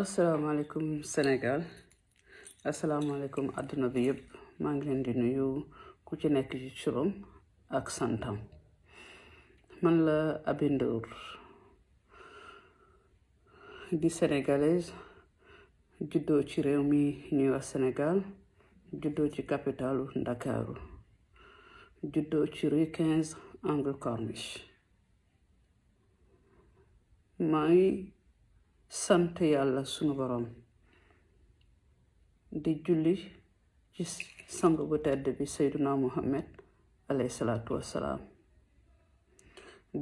asalaamaaleykum Sénégal asalaamaaleykum àdduna bi yëpp maa ngi leen di nuyu ku ci nekk ci turam ak santam man la Aby Ndour di sénégalaise juddoo ci réew mi ñuy wax Sénégal juddoo ci capitalu Ndakaaru juddoo ci rue 15 angle Corniche sant yàlla sunu boroom di julli ci sang bu tedd bi seyduna muhammad alayhi salaatu wassalaam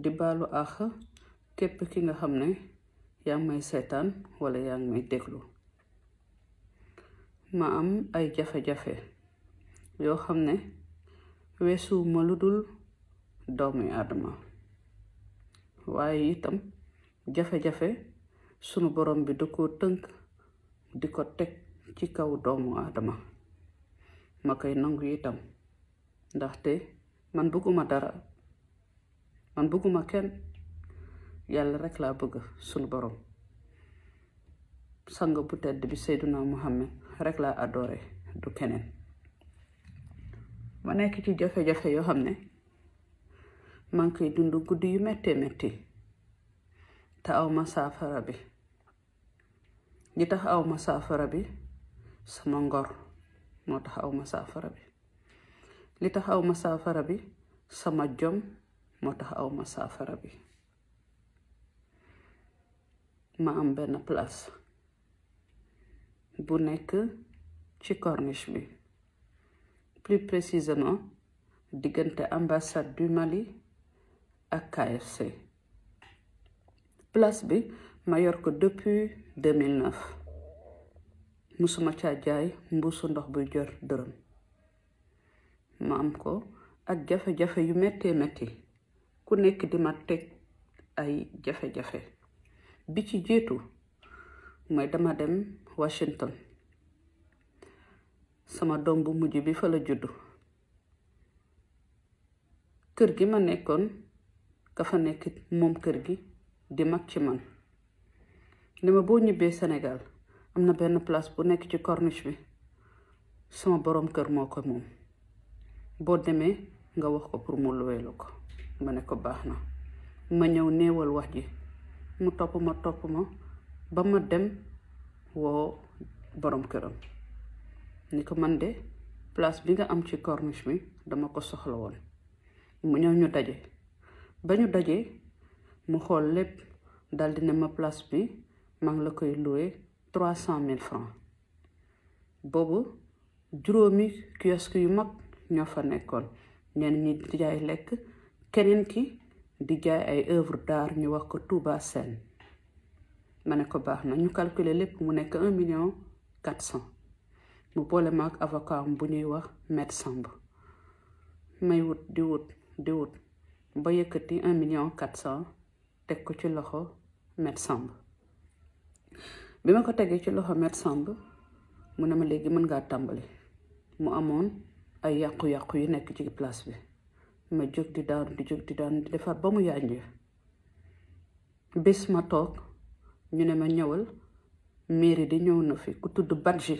di baalu àq képp ki nga xam ne yaa ngi may seetaan wala yaa ngi may déglu ma am ay jafe-jafe yoo xam ne weesu ma lu dul doomi aadama waaye itam jafe-jafe sunu borom bi da koo tënk di ko teg ci kaw doomu aadama ma koy nangu itam ndaxte man bëgguma dara man bëgguma kenn yàlla rek laa bëgg sunu borom sang bu tedd bi Seyduna Muhammad rek laa adoré du keneen ma nekk ci jafe-jafe yoo xam ne maa ngi koy yu te aw ma saafara bi li tax aw ma saafara bi sama ngor moo tax aw ma saafara bi li tax aw ma saafara bi sama jom moo tax aw ma bi ma am benn place bu nekk ci corniche bi plus précisément diggante ambassade du Mali ak KFC place bi ma yor ko depuis 2009 musuma caa jaay mbuusu ndox buy jor dërëm ma am ko ak jafe-jafe yu méttee métti ku nekk di ma teg ay jafe-jafe bi ci jiitu mooy dama dem Washington sama doom bu mujj bi fa la juddu kër gi ma nekkoon ka fa nekk moom kër gi di mag ci man ni ma boo ñibbee Sénégal am na benn place bu nekk ci corniche bi sama boroom kër moo ko moom boo demee nga wax ko pour mu luweelu ko ma ne ko baax na ma ñëw néewal wax ji mu topp ma topp ma ba ma dem woo boroom këram ni ko man de place bi nga am ci corniche bi dama ko soxla woon mu ñëw ñu daje ba ñu dajee mu xool lépp daldi ne ma place bi Je koy loué 300 francs Si juróomi kiosque yu mag ñoo fa nekkoon ñi lekk keneen ki di d'art ñu wax ko Touba sen ma ne ko baax ñu calculer lépp mu nekk million mu avocat bu ñuy wax maître may wut di wut di un million ko ci bi ma ko tegee ci loxo met Samb mu ne ma léegi mën ngaa tàmbali mu amoon ay yàqu-yàqu yu nekk ci place bi ma jóg di daanu di di daanu di ba mu yànjee bés ma toog ñu ne ma ñëwal mairie di ñëw na fi ku tudd Badji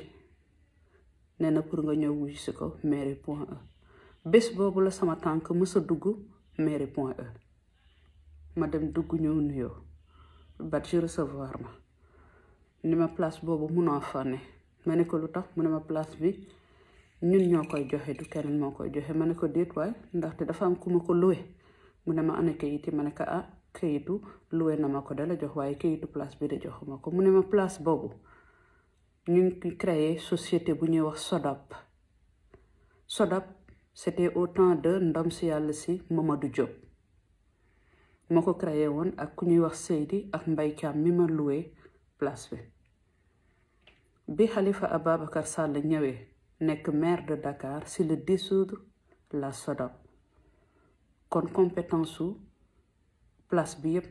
nee na pour nga ñëw wuyu si ko mairie point e bés boobu la sama tànk mës dugg mairie point e ma dem dugg ñëw nuyoo Badji recevoir ma ni ma place bobu munoo fa ne mané ko lutax mu ne ma place bi ñun ñokoy koy joxe du keneen mo koy joxe mané ko ko way ndax ndaxte dafa am kuma ko luwe mu ne ma ana ke yi ma ka a ah, kayitu luwe na ko dala jox ke kayitu place bi de joxuma ko mu ne ma place bobu ñu ngi créé société bu ñuy wax sodap sodap c'était au temps de ndam si yalla si Mamadou Diop mako ko créé woon ak ku ñuy wax Seydi ak kam mi ma luwe place bi bi Khalifa Ababacar Sall ñëwee nekk maire de Dakar si le dissoudre la SODAV kon compétence su place bi yëpp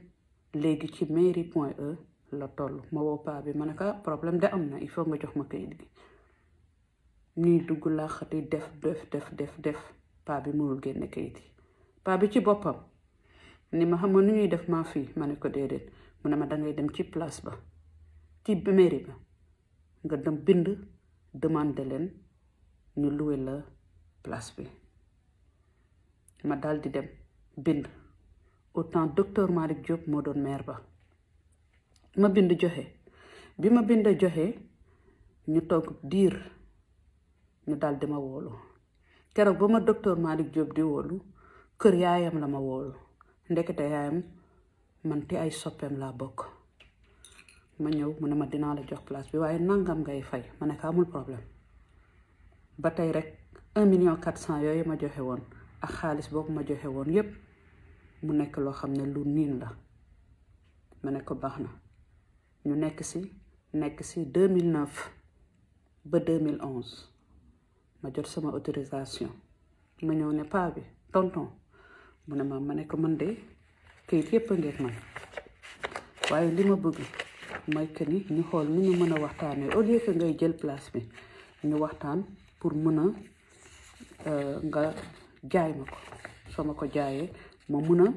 léegi ci mairie point E la toll ma woo paa bi ma ne ko ah, problème de am na il faut nga jox ma kayit gi ñuy dugg laaxati def def def def def paa bi mënul génne kayit yi bi ci boppam ni ma xam xamoon nu ñuy def maa fii ma ne ko déedéet mu ne ma dangay dem ci place ba ci mairie ba nga dem bind demande leen ñu loué la place bi ma daldi di dem bind autant docteur Malick Diop moo doon maire ba ma bind joxe bi ma bind joxe ñu toog diir ñu daal di ma woolu keroog ba ma docteur Malick Diop di woolu kër yaayam la ma woolu ndekete yaayam man te ay soppeem laa bokk ma ñëw mu ne ma dinaa la jox place bi waaye nangam ngay fay ma ne ko amul problème ba tey rek un million quatre cent yooyu ma joxe woon ak xaalis boobu ma joxe woon yépp mu nekk loo xam ne lu niin la ma ne ko baax na ñu nekk si nekk si 2009 ba 2011 ma jot sama autorisation ma ñëw ne paa bi tonton mu ne ma ma ne ko man de kayit yépp a ngeeg man waaye li ma bëgg mooy que ñu xool nu ñu mën a waxtaanee au lieu que ngay jël place bi ñu waxtaan pour mën a euh, nga jaay ma ko soo ma ko jaayee ma mën a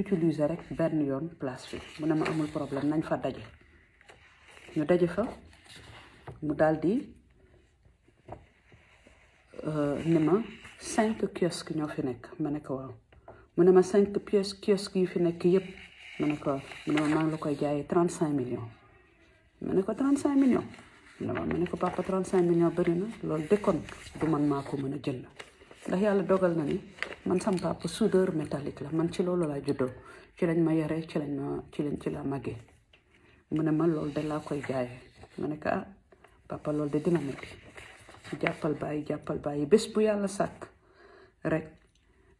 utiliser rek benn yoon place bi mu ne ma amul problème nañ fa daje ñu daje fa mu daal di euh, ne ma cinq kiosque ñoo fi nekk ma ne ko waaw mu ne ma cinq kiosque kiosque yu fi nekk yépp mu ne ma maa la koy jaayee trente cinq millions ma ne ko trente cinq millions ma ne ko papa trente cinq bëri na loolu dékkoon man maa ko mën a jënd ndax yàlla dogal na man sam papa soudeur la man ci loolu laa juddoo ci lañ ma yore ci lañ ci lañ ci la màggee mu ne ma loolu de laa koy jaayee ma ne ko ah papa loolu de dina métti jàppal bàyyi jàppal bàyyi bés bu yàlla sàkk rek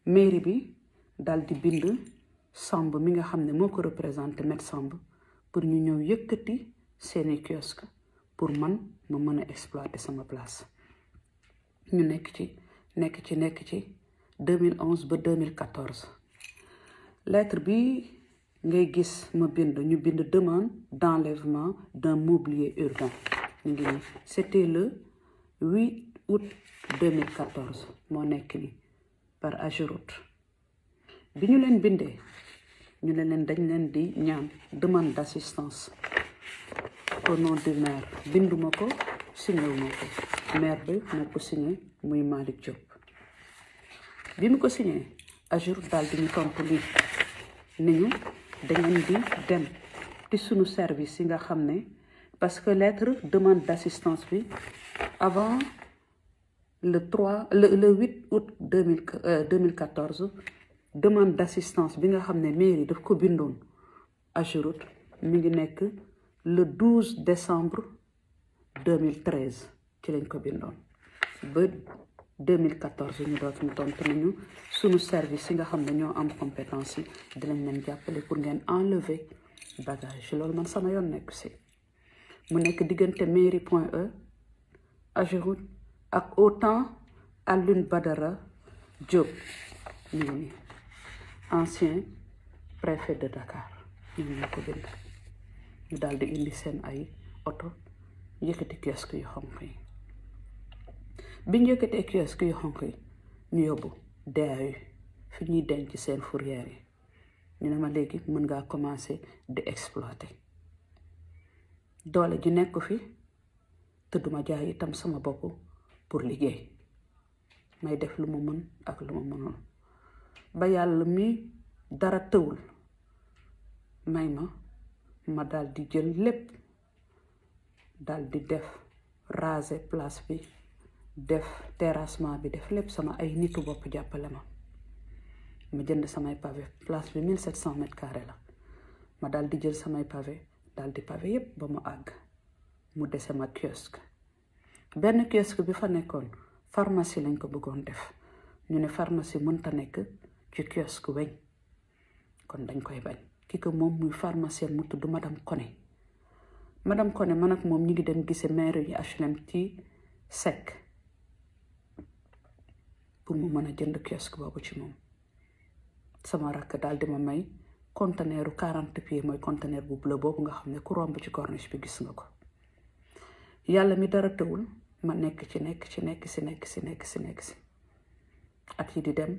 mairie bi daal di bind. Sambu, mi nga xam ne moo ko pour ñu ñëw yëkkati kiosque pour man ma mën exploiter sama place ñu nekk ci nekk ci nekk 2011 ba 2014 lettre bi ngay gis ma bind ñu demande d'enlèvement d'un mobilier urbain c'était le 8 août 2014 moo nekk ni par Ageroute bi ñu leen ñu demande d'assistance au nom du maire binduma ko signé maire bi moo signé muy Malick Diop bi mu signé daal di ñu dem service nga parce que lettre demande d'assistance bi avant le 3 le le 8 août 2014 demande d'assistance bi nga xamné mairie daf ko bindoon Ageroute mi ngi nek le 12 décembre 2013 ci lañ ko bindone ba 2014 ñu doot ñu tontu nañu suñu service yi nga xamné ñoo am compétence yi lañ leen jàppale pour ngeen enlever bagage loolu man sama yoon nekk si mu nek digënté mairie.e point E ak autant à l'une Badara Diop mi ngi ancien préfet de Dakar ñu ñu ko bind ñu dal di indi seen ay auto yëkkati kiosque yu xonk yi ñu yëkkatee kiosque yu xonk yi ñu yóbbu yi fi ñuy denc seen fourrière yi ñu ne ma léegi mën ngaa commencé di exploiter doole ji nekk fi te duma jaay itam sama bopp pour liggéey may def lu ma mën ak lu ma mënul ba yàlla mi dara tëwul may ma ma dal di jël lépp dal di def raser place bi def terrassement bi def lépp sama ay nitu bopp jàppale ma ma jënd samay pavé place bi cent mètres carrés la ma dal di jël samay pavé dal di pavé yépp ba mu àgg mu dese ma kiosque benn kiosque bi fa nekkoon pharmacie lañ ko bëggoon def ñu ne pharmacie mënta nekk ci kiosque weñ kon dañ koy bañ ki ko moom muy pharmacienne mu tudd madame Koné madame kone man ak moom ñu ngi dem gise maire yu HLM ci sec pour mu mën a jënd kiosque boobu ci moom sama rakk daal di ma may conteneuru quarante pieds mooy conteneur bu bleu boobu nga xam ne ku romb ci corniche bi gis nga ko yàlla mi dara tëwul ma nekk ci nekk ci nekk ci nekk si nekk si nekk si ak yi di dem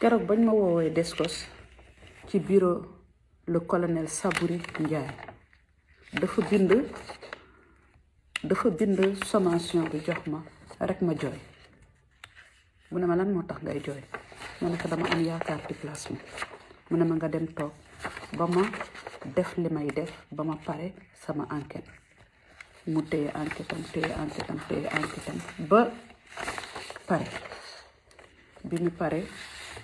kérok bañ ma wowe deskos ci bureau le colonel Sabouri Ndiaye dafa bind dafa bind sommation bi jox ma rek ma joy mu ne ma lan moo tax ngay joy ma ne ko dama am yaakaar ci place bi mu ne ma nga dem toog ba ma def li may def ba ma pare sama enquête mu téye enquête am téye enquête am téye enquête am ba pare bi mu pare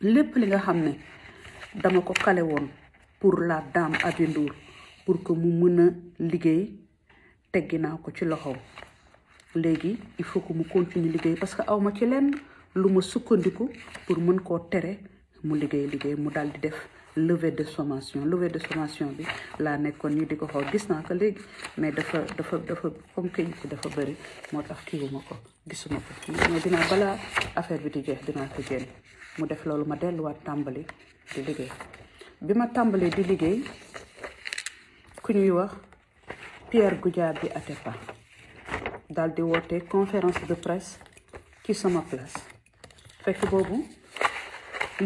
lépp li nga xam ne dama ko kale woon pour la dame Aby pour que mu mën a liggéey teggi naa ko ci loxoom léegi il faut que mu continuer liggéey parce que awma ci leen lu ma sukkandiku pour mën koo tere mu liggéey liggéey mu daal di def lever de sommation levée de sommation bi laa nekkoon ñu di ko xaw gis naa ko léegi mais dafa dafa dafa comme que ci dafa bëri moo tax kiiwuma ko gisuma ko mais dinaa balaa affaire bi di jeex dinaa ko génn mu def loolu ma delluwaat tàmbali di liggéey bi ma di liggéey ku ñuy wax Pierre bi Atepa daal di woote conférence de presse ci sama place fekk boobu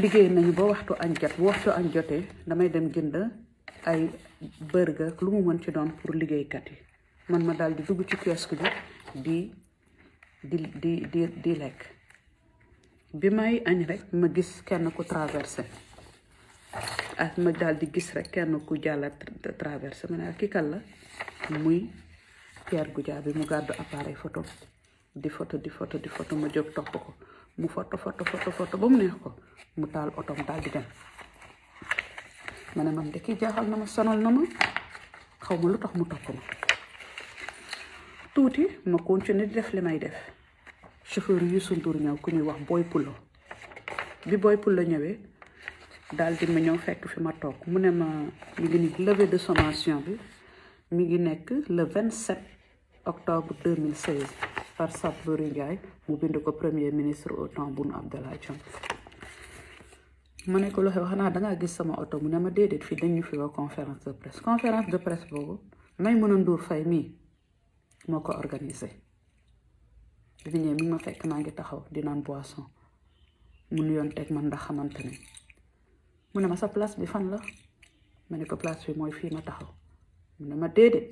liggéey nañu ba waxtu añ jot waxtu añ jotee damay dem jënd ay burger lu mu mën ci doon pour liggéeykat yi man ma daal di dugg ci kiosque bi di di di di di lekk bi may añ rek ma gis kenn ku traversé ah, ma daal di gis rek kenn ku jàll traversé ma ne ak ah, kii kan la muy Pierre Goudiaby bi mu gàddu appareil photo di photo di photo ma jóg topp ko mu photo photo photo ba mu neex ko mu taal otom daal di dem ma ne mam de kii jaaxal na ma sonal na ma xaw ma lu tax mu topp ma tuuti ma continuer di def li may def chauffeur Youssou Ndour ñaw ku ñuy wax Boy Poulo bi Boy Poulo ñëwee daal di ma ñëw fekk fi ma tok mu ne ma mi ngi nii levée de sommation bi mi ngi nekk le 27 octobre 2016 par Sapeurs Ndiaye mu bind ko premier ministre au temps Boun Abdallah Dionne mané ko ko loxo da nga gis sama auto mu ne ma fi dañ ñu fi wa conférence de presse conférence de presse boobu may mën a Ndour Faye mii moo ko Bigné mi ma fekk na ngi taxaw di naan boisson mu nuyoon teg man ndax xamante ne mu ne ma sa place bi fan la ma ne ko place bi mooy fii ma taxaw mu ne ma déedéet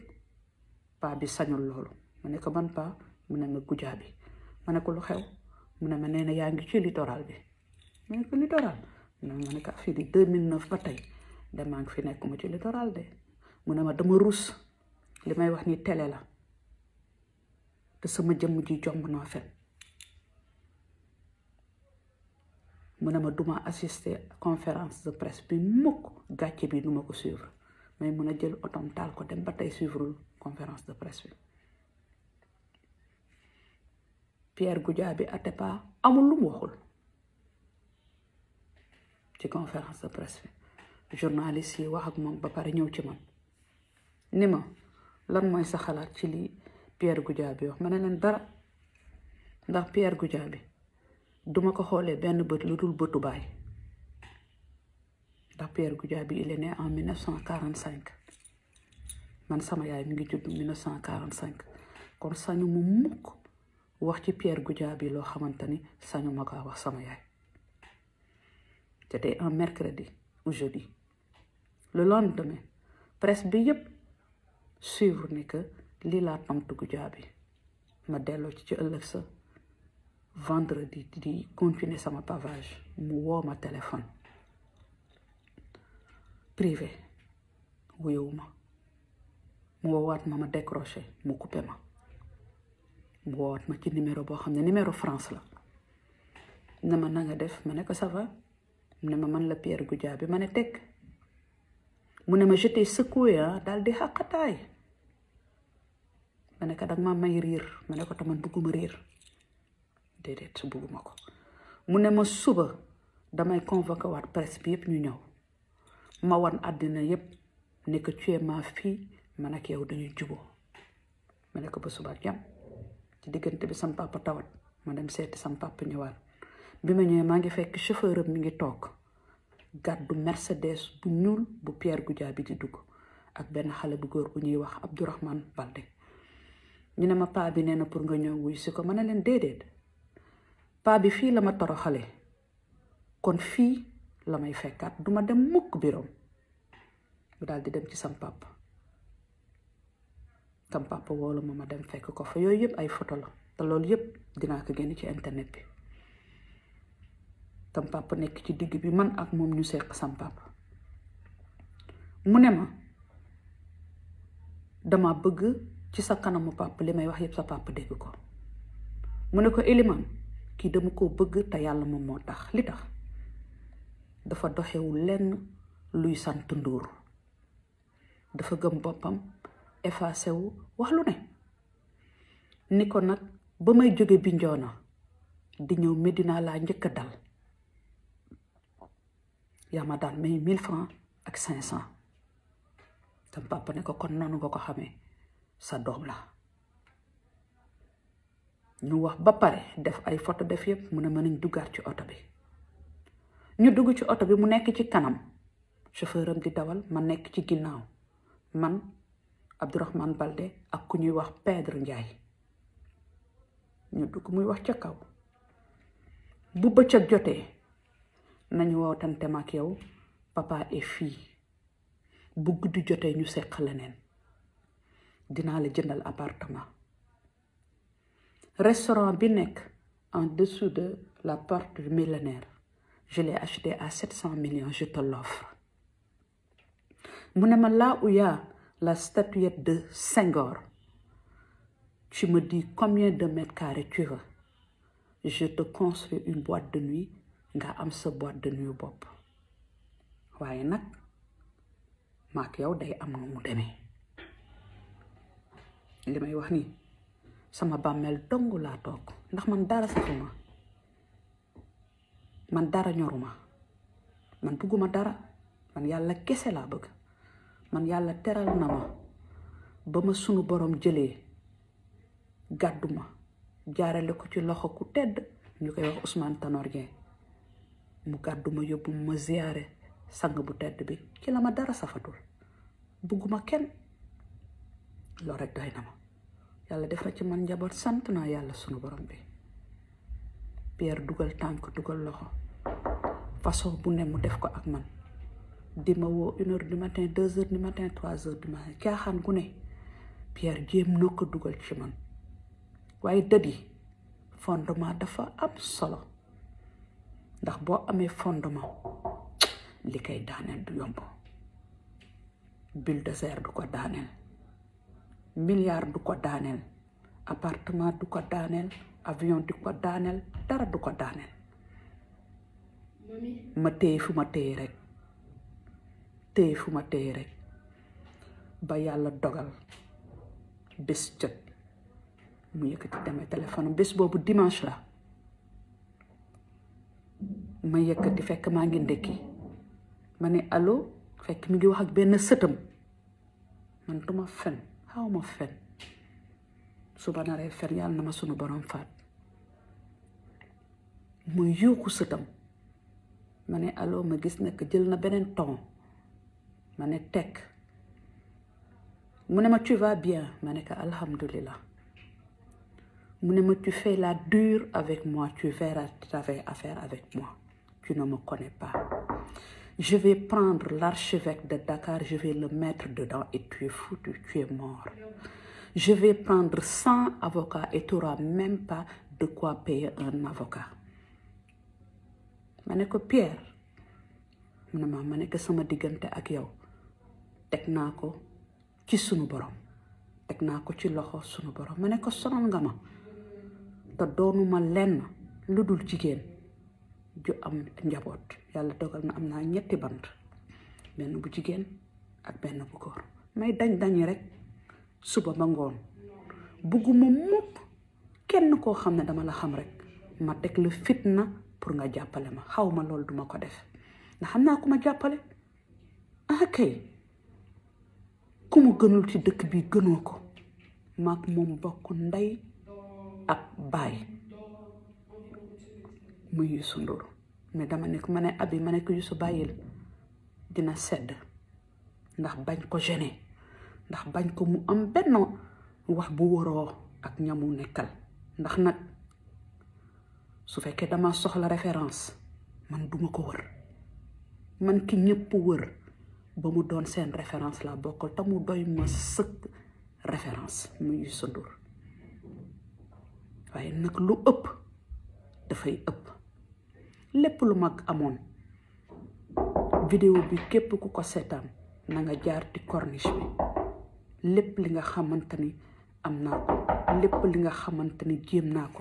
pa bi sañul loolu ma ne ko ban pa mu ne ma gujaa bi ma ne ko lu xew mu ne ma nee na ci littoral bi ma ne ko littoral mu ne ma ne ko fii di 2009 ba tey de ngi fi nekk mu ci littoral de mu ne ma dama rus li may wax ni tele la te sama jëm ji jomb no fet mu ma duma assister conférence de presse bi mukk gatché bi duma ko suivre mais jël otom tal ko dem batay suivre conférence de presse bi Pierre até Atepa amul lu waxul ci conférence de presse bi journaliste yi wax ak mom ba paré ñew ci man nima lan moy sa xalaat ci li Pierre gujabi wax mané len dara ndax Pierre gujabi duma ko xolé benn beut lu beutu bay ndax Pierre gujabi il est né en 1945 man sama yaay mi ngi judd 1945 kon sañu mu mukk wax ci Pierre gujabi lo xamante sañu mako wax sama yaay c'était un mercredi ou jeudi le lendemain presse bi yëpp suivre ni que li suis tontu Goudiaby ma suis ci ci sa vendredi di continuer sama pavage mu ma téléphone privé wuyuwu mu woowaat ma ma mu coupé ma mu ma ci numéro de numéro France la ne ma def ma ne ko ça va ne ma man la Pierre Goudiaby ma ne mu ne ma secoué hein, dal di mané ne ko dag ma may rir ma ko te man bugguma riir déedéet ko mu ma suba damay convoquer wat presse bi yëpp ñu ñëw ma wan adina yep ne ko tué ma fi mané ko yow dañu juboo mané ko ba suba ak ci digënté bi sam papa tawat ma dem sét sam papa ñëwaat ma ngi fekk chauffeur mi ngi toog mercedes bu ñul bu Pierre goudia bi di dugg ak ben xalé bu góor bu ñuy wax abdourahman Balde ñu ne ma paa bi nee na pour nga ñëw wuy si ko ma ne leen déedéet paa bi fii la ma toroxale kon fii la may fekkaat duma dem mukk birom mu daal di dem ci sam papa sam papa woolu ma ma dem fekk ko fa yooyu yëpp ay photo la te loolu yëpp dinaa ko génn ci internet bi sam papa nekk ci digg bi man ak moom ñu seq sam papa mu ne ma dama bëgg ci sa mu papa limay wax yeb sa papa deg ko mu ne ko eliman ki dem ko beug ta yalla mom motax li tax dafa doxewul len luy sant ndour dafa gem bopam effacer wu wax lu ne ni ko nag ba may bi ndiona di ñew medina la ñeuk dal ya ma dal may 1000 francs ak 500 tam papa ne ko kon nonu ko sa dom la ñu wax ba pare def ay photo def yépp mu ne mën duggaat ci auto bi ñu dugg ci auto bi mu nekk ci kanam chauffeuram di dawal ma nekk ci ginnaaw man abdourahman balde ak ku ñuy wax pedre njaay ñu dugg muy wax ca kaw bu bëccëg jotee nañu wootante ak yow papa et fille bu gudd jotee ñu seq leneen dinaa la jëndal appartement restaurant bi en dessous de la porte du millénaire je l'ai acheté à 700 millions je te l'offre mu là y a la statuette de Senghor tu me dis combien de mètres carrés tu veux je te construis une boîte de nuit nga am boîte de nuit bop waaye nak à yow day li may wax ni sama bammel dongu la tok ndax man dara saxuma man dara ñoruma man buguma dara man yalla kessé la bëgg man yalla téral na ma sunu borom jëlé gaduma jaarale ko ci loxo ku tedd ñu koy wax Ousmane Tanor mu gaduma yobbu ma ziaré sang bu tedd bi ci lama dara safatul buguma kenn lo rek doyna ma yàlla def na ci man njaboot sant naa yàlla suñu borom bi Pierre dugal tànk dugal loxo façon bu ne mu def ko ak man di ma woo une heure du matin deux heures du matin trois heures du matin caaxaan gu ne Pierre jéem na ko dugal ci man waaye dët yi fondement dafa am solo ndax boo amee fondement li koy daaneel du yomb bulldozer du ko daaneel milliard du ko daaneel appartement du ko daaneel avion du ko daaneel dara du ko daaneel ma téye fu ma téye rek téye fu ma téye rek ba yàlla dogal bés jot mu yëkkati demee téléphone bés boobu dimanche la ma yëkkati fekk maa ngi ndekki ma ne allo fekk mu ngi wax ak benn sëtam man duma fen xaw ma fen su fen yàlla na ma sunu borom faat mu yuuxu sëtam ma ne allo ma gis nekk jël na beneen ton ma ne tekk ma tu vas bien ma ne ko alhamdulilah mu ma tu fais la dure avec moi tu verras tu avais affaire avec moi tu ne me connais pas je vais prendre l'archevêque de Dakar, je vais le mettre dedans et tu es foutu, tu es mort. Je vais prendre 100 avocats et tu n'auras même pas de quoi payer un avocat. Je suis Pierre Je ne sais pas si Je suis là ak yow teg naa ko ci sunu borom teg ko ci loxo sunu borom ne ko ju am njabot yalla dogal na am naa ñetti bant ben bu jigen ak ben bu gor may dañ dañ rek suba ba ngoon bugguma mukk kenn ko xamne dama la xam rek ma tek le fitna pour nga jappale ma xawma lol duma ko def na xamna naa jappale ah kay kumu gunul gënul ci dëkk bi gënoo ko maag moom bokk ndey ak baay mu yusu Ndour mais dama ne ma ne abi mané ko yusu bayil dina sedd ndax bañ ko gêner ndax bañ ko mu am benn wax bu woro ak ñamu nekkal ndax nak su fekke dama soxla référence man duma ko wër man ki ñepp wër ba mu doon seen référence la bokkal te mu doy ma sekk référence mu yusu Ndour waye nak lu ëpp fay ëpp lépp lu mag amoon vidéo bi képp ku ko seetaan na nga jaar ci corniche bi lépp li nga xamante ni am naa ko lépp li nga xamante ni jéem naa ko